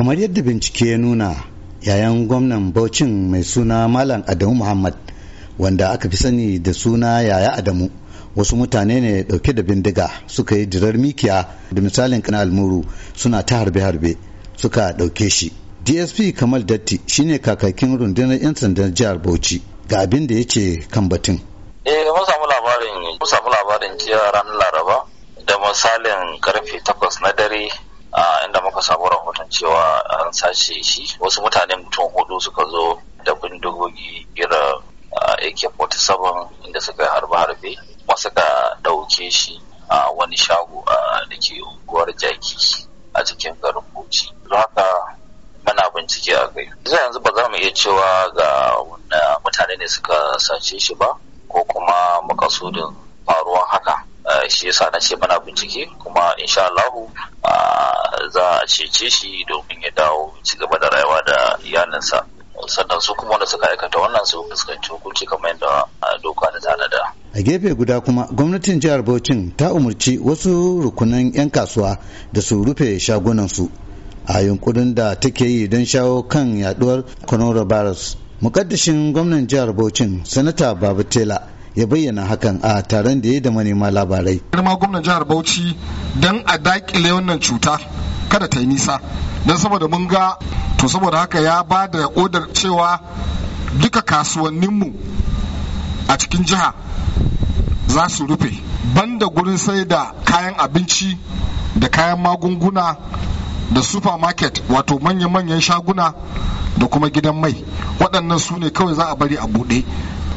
kamar yadda bincike ya nuna yayan gwamnan Bauchin mai suna Malam Adamu Muhammad wanda aka fi sani da suna yaya Adamu wasu mutane ne dauke da bindiga suka yi jirar mikiya da misalin kana almuru suna ta harbe-harbe suka dauke shi dsp kamal datti shine kakakin rundunar 'yan sandan jihar bauchi ga abin da ya ce kan batun eh, ranar laraba da misalin karfe 8 na dare inda muka samu rahoton cewa an sace shi wasu mutane mutum hudu suka zo da bindigogi irin ak-47 inda suka harbe harbe wasu ka ɗauke shi a wani shago da ke unguwar jaki a cikin garin bauchi don haka mana bincike a kai yanzu ba za mu iya cewa ga mutane ne suka sace shi ba ko kuma makasudin faruwan haka shi yasa na ce muna bincike kuma insha Allahu a cece shi domin ya dawo ci gaba da rayuwa da iyalinsa sannan su kuma wanda suka aikata wannan su fuskanci hukunci kamar yadda doka da tanada a gefe guda kuma gwamnatin jihar Bauchin ta umarci wasu rukunan 'yan kasuwa da su rufe shagunansu a yunkurin da take yi don shawo kan yaduwar coronavirus mukaddashin gwamnan jihar Bauchin sanata babu tela ya bayyana hakan a taron da ya da manema labarai. Girma gwamnan jihar Bauchi don a dakile wannan cuta kada ta yi nisa don saboda mun ga to saboda haka ya ba da odar cewa duka kasuwanninmu a cikin jiha za su rufe banda gurin sai da kayan abinci da kayan magunguna da supermarket wato manya-manyan shaguna da kuma gidan mai waɗannan su ne kawai za a bari a buɗe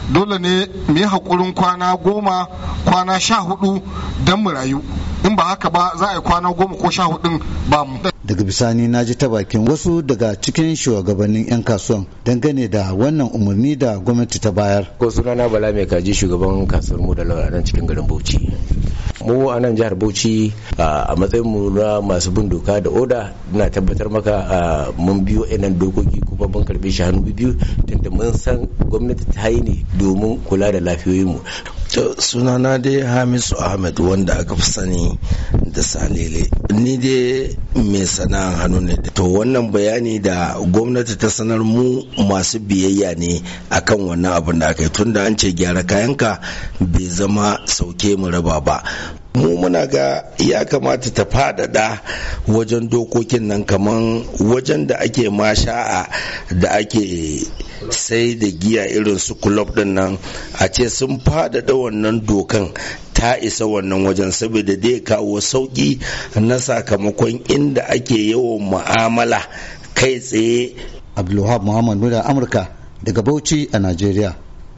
dole ne mu yi haƙurin kwana goma kwana sha hudu don mu rayu in ba haka ba za a yi kwana goma ko sha hudun ba mu daga bisani na ji ta bakin wasu daga cikin shugabannin 'yan kasuwan dangane da wannan umarni da gwamnati ta bayar ko sunana bala mai kaji shugaban kasuwar mu da nan cikin garin bauchi mu a nan jihar bauchi a matsayin mu na masu bin doka da oda na tabbatar maka mun biyo nan dokoki kuma mun karbe shi hannu biyu tunda mun san gwamnati ta yi ne domin kula da lafiyoyinmu sunana dai hamisu ahmed wanda aka fi sani da salele ni dai mai sana'ar hannu ne to wannan bayani da gwamnati ta sanar mu masu biyayya ne akan wannan abin da aka yi tunda an ce gyara kayanka bai zama sauke mu raba ba mu muna ga ya kamata ta fadada wajen dokokin nan kaman wajen da ake masha'a da ake sai da giya irin su kulob din nan a ce sun fadada wannan dokan ta isa wannan wajen saboda dai kawo sauki na sakamakon inda ake yawan mu'amala kai tsaye abdulwahab muhammad nuna amurka daga bauchi a najeriya